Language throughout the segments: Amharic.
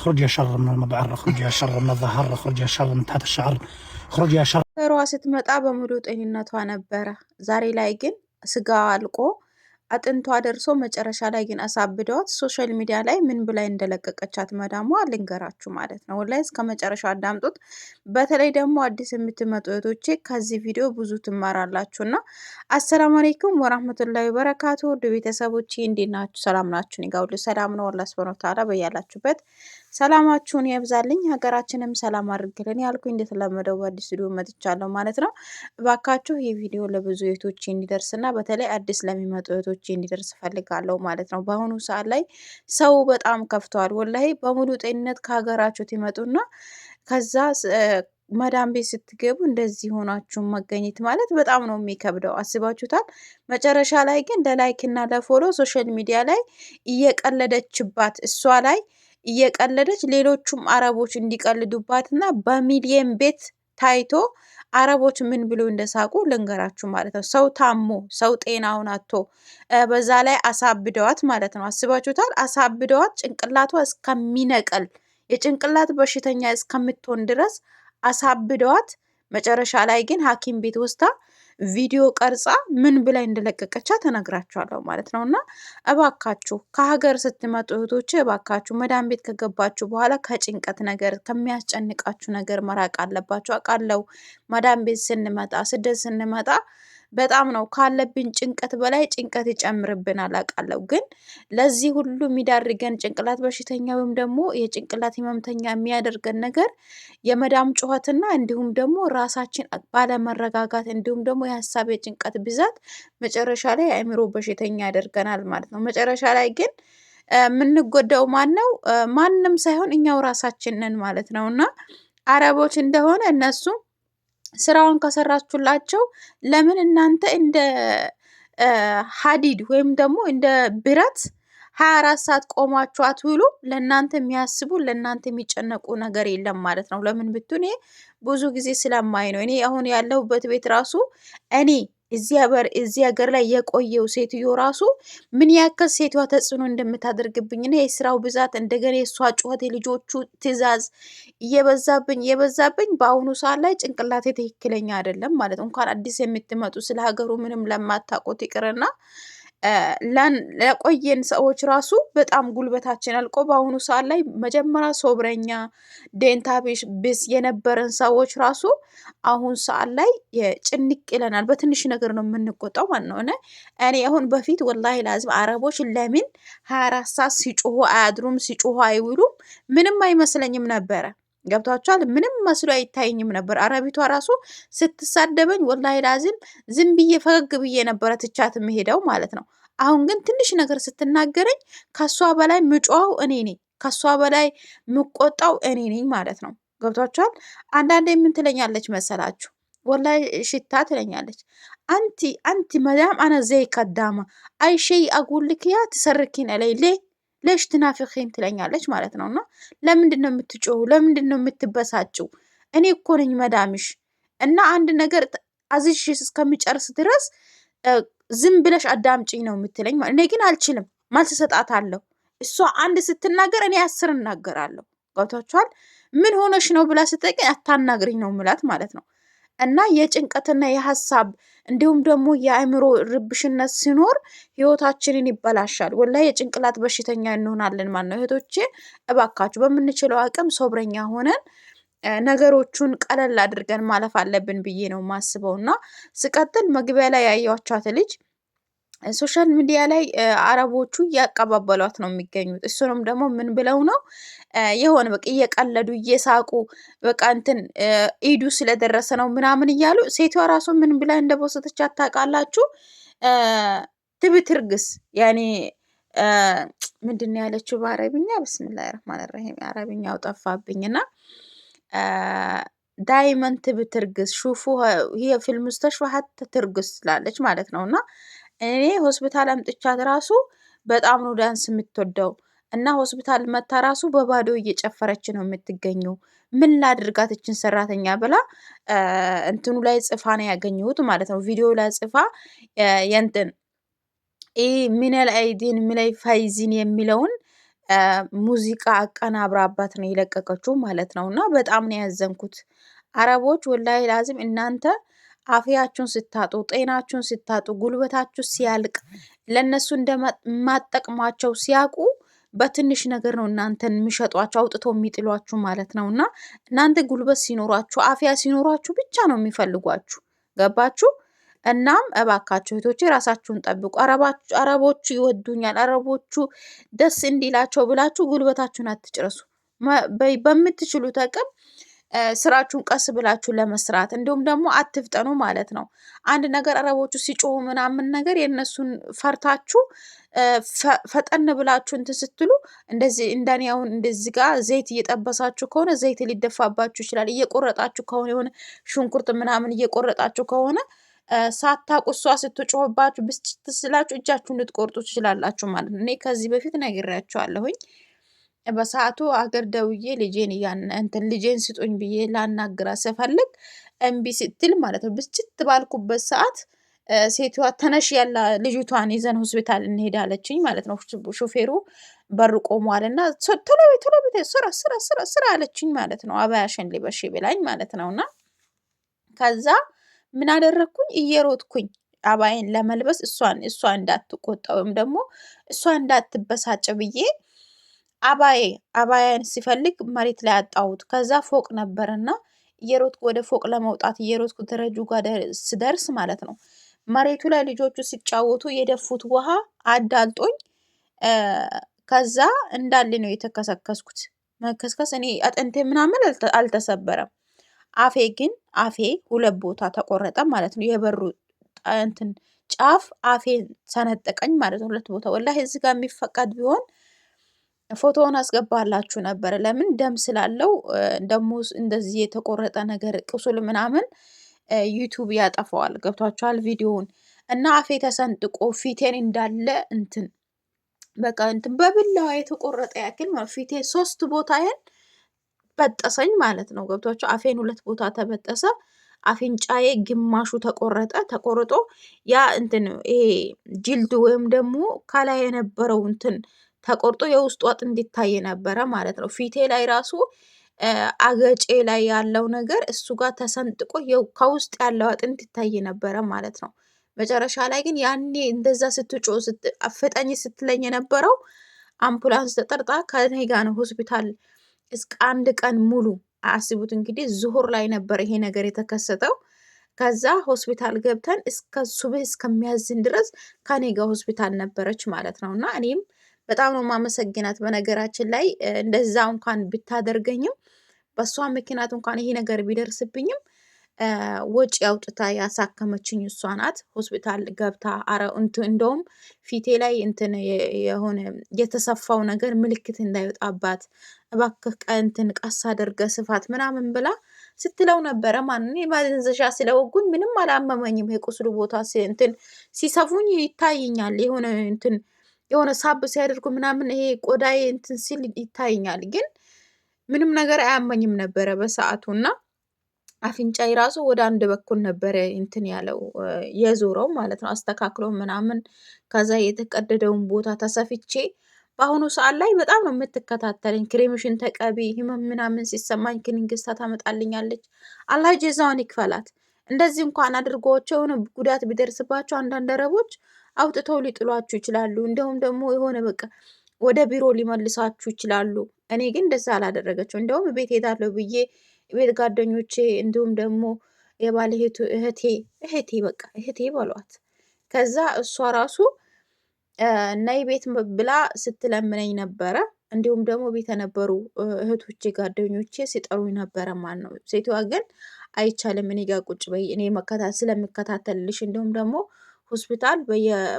እኽሩጅ ያሸር ምን መብዕር እኽሩጅ ያሸር ምን ዛህር እኽሩጅ ያሸር ምን ታህት ሻዕር እኽሩጅ ያሸር ሯ ስትመጣ በሙሉ ጤንነቷ ነበረ። ዛሬ ላይ ግን ስጋዋ አልቆ አጥንቷ ደርሶ መጨረሻ ላይ ግን አሳብደዋት ሶሻል ሚዲያ ላይ ምን ብላይ እንደለቀቀቻት መዳሟ ልንገራችሁ ማለት ነው። ወላሂ እስከ መጨረሻ አዳምጡት። በተለይ ደግሞ አዲስ የምትመጡ እህቶቼ ከዚህ ቪዲዮ ብዙ ትማራላችሁ እና አሰላሙ አሌይኩም ወራህመቱላሂ ወበረካቱ ውድ ቤተሰቦቼ እንዴት ናችሁ? ሰላም ናችሁ? እኔ ጋ ሁሉ ሰላም ነው። አላህ ሱብሃነሁ ወተዓላ በያላችሁበት ሰላማችሁን ያብዛልኝ፣ ሀገራችንም ሰላም አድርግልን ያልኩ እንደተለመደው በአዲስ ቪዲዮ መጥቻለሁ ማለት ነው። እባካችሁ ይህ ቪዲዮ ለብዙ እህቶች እንዲደርስና በተለይ አዲስ ለሚመጡ እህቶች እንዲደርስ ፈልጋለሁ ማለት ነው። በአሁኑ ሰዓት ላይ ሰው በጣም ከፍተዋል። ወላሂ በሙሉ ጤንነት ከሀገራችሁ ትመጡና ከዛ መዳም ቤት ስትገቡ እንደዚህ ሆናችሁ መገኘት ማለት በጣም ነው የሚከብደው። አስባችሁታል? መጨረሻ ላይ ግን ለላይክ እና ለፎሎ ሶሻል ሚዲያ ላይ እየቀለደችባት እሷ ላይ እየቀለደች ሌሎቹም አረቦች እንዲቀልዱባትና በሚሊየን ቤት ታይቶ አረቦች ምን ብሎ እንደሳቁ ልንገራችሁ ማለት ነው። ሰው ታሞ ሰው ጤናውን አቶ በዛ ላይ አሳብደዋት ማለት ነው። አስባችሁታል? አሳብደዋት ጭንቅላቷ እስከሚነቀል የጭንቅላት በሽተኛ እስከምትሆን ድረስ አሳብደዋት መጨረሻ ላይ ግን ሐኪም ቤት ወስታ ቪዲዮ ቀርጻ ምን ብላይ እንደለቀቀቻ ተነግራችኋለሁ ማለት ነው። እና እባካችሁ ከሀገር ስትመጡ እህቶች እባካችሁ መዳን ቤት ከገባችሁ በኋላ ከጭንቀት ነገር ከሚያስጨንቃችሁ ነገር መራቅ አለባችሁ። አውቃለሁ መዳን ቤት ስንመጣ ስደት ስንመጣ በጣም ነው ካለብን ጭንቀት በላይ ጭንቀት ይጨምርብናል አላቃለሁ ግን ለዚህ ሁሉ የሚዳርገን ጭንቅላት በሽተኛ ወይም ደግሞ የጭንቅላት ህመምተኛ የሚያደርገን ነገር የመዳም ጩኸትና እንዲሁም ደግሞ ራሳችን ባለመረጋጋት እንዲሁም ደግሞ የሀሳብ የጭንቀት ብዛት መጨረሻ ላይ የአእምሮ በሽተኛ ያደርገናል ማለት ነው። መጨረሻ ላይ ግን የምንጎዳው ማን ነው? ማንም ሳይሆን እኛው ራሳችንን ማለት ነው እና አረቦች እንደሆነ እነሱም ስራውን ከሰራችሁላቸው ለምን እናንተ እንደ ሀዲድ ወይም ደግሞ እንደ ብረት ሀያ አራት ሰዓት ቆሟችሁ አትውሉ። ለእናንተ የሚያስቡ ለእናንተ የሚጨነቁ ነገር የለም ማለት ነው። ለምን ብትሆን ብዙ ጊዜ ስለማይ ነው። እኔ አሁን ያለሁበት ቤት ራሱ እኔ እዚህ ሀገር ላይ የቆየው ሴትዮ ራሱ ምን ያክል ሴቷ ተጽዕኖ እንደምታደርግብኝና የስራው ብዛት እንደገና የእሷ ጩኸት፣ የልጆቹ ትዕዛዝ እየበዛብኝ እየበዛብኝ በአሁኑ ሰዓት ላይ ጭንቅላቴ ትክክለኛ አይደለም ማለት እንኳን አዲስ የምትመጡ ስለ ሀገሩ ምንም ለማታውቁት ይቅርና ለቆየን ሰዎች ራሱ በጣም ጉልበታችን አልቆ በአሁኑ ሰዓት ላይ መጀመሪያ ሶብረኛ ዴንታቢሽ ብስ የነበረን ሰዎች ራሱ አሁን ሰዓት ላይ ጭንቅ ይለናል። በትንሽ ነገር ነው የምንቆጣው ማለት ሆነ እኔ አሁን በፊት ወላሂ ላዝም አረቦች ለምን ሀያ አራት ሰዓት ሲጮሆ አያድሩም? ሲጮሆ አይውሉም? ምንም አይመስለኝም ነበረ። ገብቷቸዋል። ምንም መስሎ አይታየኝም ነበር። አረቢቷ ራሱ ስትሳደበኝ ወላሂ ላዚም ዝም ብዬ ፈገግ ብዬ ነበረ ትቻት የምሄደው ማለት ነው። አሁን ግን ትንሽ ነገር ስትናገረኝ ከሷ በላይ ምጮኸው እኔ ነኝ፣ ከሷ በላይ ምቆጣው እኔ ነኝ ማለት ነው። ገብቷቸዋል። አንዳንዴ ምን ትለኛለች መሰላችሁ? ወላሂ ሽታ ትለኛለች። አንቲ አንቲ መዳም አነ ዘይከ ዳማ አይሸይ አጉልክያ ትሰርኪን ለይሌ ለሽ ትናፍቅኝ ትለኛለች ማለት ነው። እና ለምንድን ነው የምትጮሁ? ለምንድን ነው የምትበሳጭው? እኔ እኮ ነኝ መዳምሽ እና አንድ ነገር አዝሽ እስከሚጨርስ ድረስ ዝም ብለሽ አዳምጪኝ ነው የምትለኝ። እኔ ግን አልችልም፣ መልስ እሰጣታለሁ። እሷ አንድ ስትናገር እኔ አስር እናገራለሁ። ገብቷችኋል? ምን ሆነሽ ነው ብላ ስጠቀኝ አታናግሪኝ ነው ምላት ማለት ነው። እና የጭንቀትና የሀሳብ እንዲሁም ደግሞ የአእምሮ ርብሽነት ሲኖር ህይወታችንን ይበላሻል። ወላይ የጭንቅላት በሽተኛ እንሆናለን ማን ነው። እህቶቼ እባካችሁ በምንችለው አቅም ሶብረኛ ሆነን ነገሮቹን ቀለል አድርገን ማለፍ አለብን ብዬ ነው ማስበው። እና ስቀጥል መግቢያ ላይ ያየኋት ልጅ ሶሻል ሚዲያ ላይ አረቦቹ እያቀባበሏት ነው የሚገኙት። እሱንም ደግሞ ምን ብለው ነው የሆነ በቃ እየቀለዱ እየሳቁ በቃ እንትን ኢዱ ስለደረሰ ነው ምናምን እያሉ ሴቷ ራሱ ምን ብላ እንደበሰተች አታውቃላችሁ? ትብትርግስ ያኔ ምንድን ነው ያለችው በአረብኛ? ብስምላ ረህማን ራሂም አረብኛው ጠፋብኝና ዳይመን ትብትርግስ ሹፉ ይሄ ፊልም ውስጥ ሀት ትርግስ ትላለች ማለት ነው እና እኔ ሆስፒታል አምጥቻት ራሱ በጣም ነው ዳንስ የምትወደው እና ሆስፒታል መታ ራሱ በባዶ እየጨፈረች ነው የምትገኘው። ምን ላድርጋት እችን ሰራተኛ ብላ እንትኑ ላይ ጽፋ ነው ያገኘሁት ማለት ነው። ቪዲዮ ላይ ጽፋ የንትን ይህ ሚነል አይዲን ሚላይ ፋይዚን የሚለውን ሙዚቃ አቀናብራባት ነው የለቀቀችው ማለት ነው። እና በጣም ነው ያዘንኩት። አረቦች ወላሂ ላዚም እናንተ አፍያችሁን ስታጡ፣ ጤናችሁን ስታጡ፣ ጉልበታችሁ ሲያልቅ ለእነሱ እንደማጠቅሟቸው ሲያውቁ በትንሽ ነገር ነው እናንተን የሚሸጧችሁ አውጥቶ የሚጥሏችሁ ማለት ነው። እና እናንተ ጉልበት ሲኖሯችሁ አፍያ ሲኖሯችሁ ብቻ ነው የሚፈልጓችሁ። ገባችሁ? እናም እባካችሁ እህቶቼ ራሳችሁን ጠብቁ። አረቦቹ ይወዱኛል፣ አረቦቹ ደስ እንዲላቸው ብላችሁ ጉልበታችሁን አትጭረሱ። በምትችሉት አቅም ስራችሁን ቀስ ብላችሁ ለመስራት እንዲሁም ደግሞ አትፍጠኑ ማለት ነው። አንድ ነገር አረቦቹ ሲጮሁ ምናምን ነገር የእነሱን ፈርታችሁ ፈጠን ብላችሁ እንትን ስትሉ እንደዚህ እንደኔ አሁን እንደዚህ ጋ ዘይት እየጠበሳችሁ ከሆነ ዘይት ሊደፋባችሁ ይችላል። እየቆረጣችሁ ከሆነ የሆነ ሽንኩርት ምናምን እየቆረጣችሁ ከሆነ ሳታቁ እሷ ስትጮህባችሁ ብስጭት ስላችሁ እጃችሁን ልትቆርጡ ትችላላችሁ ማለት ነው። እኔ ከዚህ በፊት ነግሬያችኋለሁኝ። በሰዓቱ አገር ደውዬ ልጄን እንትን ልጄን ስጡኝ ብዬ ላናግራት ስፈልግ እምቢ ስትል ማለት ነው። ብስጭት ባልኩበት ሰዓት ሴትዋ ተነሽ ያላ ልጅቷን ይዘን ሆስፒታል እንሄዳለችኝ ማለት ነው። ሾፌሩ በር ቆሟል እና ቶሎ ቶሎ ስራ ስራ ስራ ስራ አለችኝ ማለት ነው። አባያሸን ሊበሽ ብላኝ ማለት ነው። እና ከዛ ምን አደረግኩኝ እየሮጥኩኝ አባይን ለመልበስ እሷን እሷ እንዳትቆጣ ወይም ደግሞ እሷ እንዳትበሳጭ ብዬ አባዬ አባያን ሲፈልግ መሬት ላይ አጣሁት። ከዛ ፎቅ ነበርና እየሮጥኩ ወደ ፎቅ ለመውጣት እየሮጥኩ ደረጁ ጋር ስደርስ ማለት ነው መሬቱ ላይ ልጆቹ ሲጫወቱ የደፉት ውሃ አዳልጦኝ ከዛ እንዳለ ነው የተከሰከስኩት። መከስከስ እኔ አጥንቴ ምናምን አልተሰበረም። አፌ ግን አፌ ሁለት ቦታ ተቆረጠ ማለት ነው። የበሩ እንትን ጫፍ አፌ ሰነጠቀኝ ማለት ነው ሁለት ቦታ። ወላሂ እዚህ ጋር የሚፈቀድ ቢሆን ፎቶውን አስገባላችሁ ነበር። ለምን ደም ስላለው ደሞ እንደዚህ የተቆረጠ ነገር ቁስል ምናምን ዩቱብ ያጠፋዋል። ገብቷችኋል? ቪዲዮውን እና አፌ ተሰንጥቆ ፊቴን እንዳለ እንትን በቃ እንትን በብላዋ የተቆረጠ ያክል ማለት ፊቴ ሶስት ቦታዬን በጠሰኝ ማለት ነው። ገብቷቸው አፌን ሁለት ቦታ ተበጠሰ። አፍንጫዬ ግማሹ ተቆረጠ። ተቆርጦ ያ እንትን ይሄ ጅልድ ወይም ደግሞ ከላይ የነበረው እንትን ተቆርጦ የውስጡ ወጥ እንዲታይ ነበረ ማለት ነው። ፊቴ ላይ ራሱ አገጬ ላይ ያለው ነገር እሱ ጋር ተሰንጥቆ ከውስጥ ያለው አጥንት ይታይ ነበረ ማለት ነው። መጨረሻ ላይ ግን ያኔ እንደዛ ስትጮ ፍጠኝ ስትለኝ የነበረው አምቡላንስ ተጠርጣ ከኔ ጋር ነው ሆስፒታል እስከ አንድ ቀን ሙሉ አስቡት እንግዲህ ዙሁር ላይ ነበር ይሄ ነገር የተከሰተው። ከዛ ሆስፒታል ገብተን እስከ ሱብህ እስከሚያዝን ድረስ ከኔ ጋር ሆስፒታል ነበረች ማለት ነው። እና እኔም በጣም ነው ማመሰግናት። በነገራችን ላይ እንደዛ እንኳን ብታደርገኝም በእሷ ምክንያት እንኳን ይሄ ነገር ቢደርስብኝም ወጪ አውጥታ ያሳከመችኝ እሷ ናት። ሆስፒታል ገብታ አረ እንደውም ፊቴ ላይ እንትን የሆነ የተሰፋው ነገር ምልክት እንዳይወጣባት እባክህ እንትን ቀስ አድርገ ስፋት ምናምን ብላ ስትለው ነበረ። ማንን ማደንዘሻ ስለወጉን ምንም አላመመኝም። የቁስሉ ቦታ እንትን ሲሰፉኝ ይታይኛል የሆነ እንትን የሆነ ሳብ ሲያደርጉ ምናምን ይሄ ቆዳዬ እንትን ሲል ይታይኛል፣ ግን ምንም ነገር አያመኝም ነበረ በሰዓቱ እና አፍንጫዬ ራሱ ወደ አንድ በኩል ነበረ እንትን ያለው የዞረው ማለት ነው። አስተካክሎ ምናምን ከዛ የተቀደደውን ቦታ ተሰፍቼ በአሁኑ ሰዓት ላይ በጣም ነው የምትከታተለኝ። ክሬምሽን ተቀቢ ህመም ምናምን ሲሰማኝ ክኒንግስታ ታመጣልኛለች። አላህ ጀዛውን ይክፈላት። እንደዚህ እንኳን አድርጓቸው የሆነ ጉዳት ቢደርስባቸው አንዳንድ አረቦች አውጥተው ሊጥሏችሁ ይችላሉ። እንደውም ደግሞ የሆነ በቃ ወደ ቢሮ ሊመልሳችሁ ይችላሉ። እኔ ግን እንደዛ አላደረገችው። እንደውም ቤት ሄዳለሁ ብዬ ቤት ጓደኞቼ እንዲሁም ደግሞ የባለ እህቴ እህቴ በቃ እህቴ በሏት። ከዛ እሷ ራሱ ነይ ቤት ብላ ስትለምነኝ ነበረ። እንዲሁም ደግሞ ቤት የነበሩ እህቶቼ ጓደኞቼ ሲጠሩኝ ነበረ ማን ነው። ሴትዋ ግን አይቻልም እኔ ጋር ቁጭ በይ እኔ መከታ ስለምከታተልልሽ እንዲሁም ደግሞ ሆስፒታል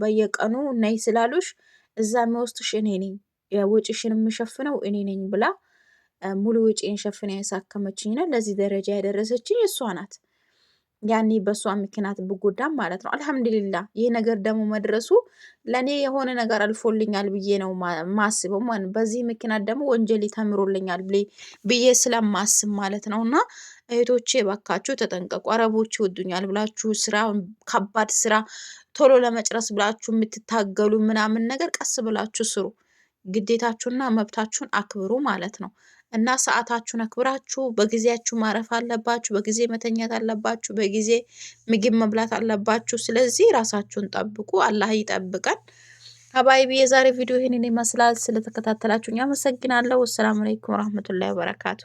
በየቀኑ እናይ ስላሉሽ እዛ የሚወስድሽ እኔ ነኝ፣ ወጪሽን የምሸፍነው እኔ ነኝ ብላ ሙሉ ወጪን ያሳከመችኝ ነው። ለዚህ ደረጃ ያደረሰችኝ እሷ ናት። ያኔ በእሷ ምክንያት ብጎዳም ማለት ነው። አልሐምዱሊላ ይህ ነገር ደግሞ መድረሱ ለእኔ የሆነ ነገር አልፎልኛል ብዬ ነው ማስበው። በዚህ ምክንያት ደግሞ ወንጀል ተምሮልኛል ብዬ ስለማስብ ማለት ነው እና እህቶቼ የባካችሁ ተጠንቀቁ። አረቦች ይወዱኛል ብላችሁ ስራ ከባድ ስራ ቶሎ ለመጨረስ ብላችሁ የምትታገሉ ምናምን ነገር ቀስ ብላችሁ ስሩ። ግዴታችሁና መብታችሁን አክብሩ ማለት ነው እና ሰዓታችሁን አክብራችሁ በጊዜያችሁ ማረፍ አለባችሁ፣ በጊዜ መተኛት አለባችሁ፣ በጊዜ ምግብ መብላት አለባችሁ። ስለዚህ ራሳችሁን ጠብቁ፣ አላህ ይጠብቀን። ሀባይቢ የዛሬ ቪዲዮ ይህንን ይመስላል። ስለተከታተላችሁኝ አመሰግናለሁ። አሰላሙ አለይኩም ወራህመቱላሂ ወበረካቱ።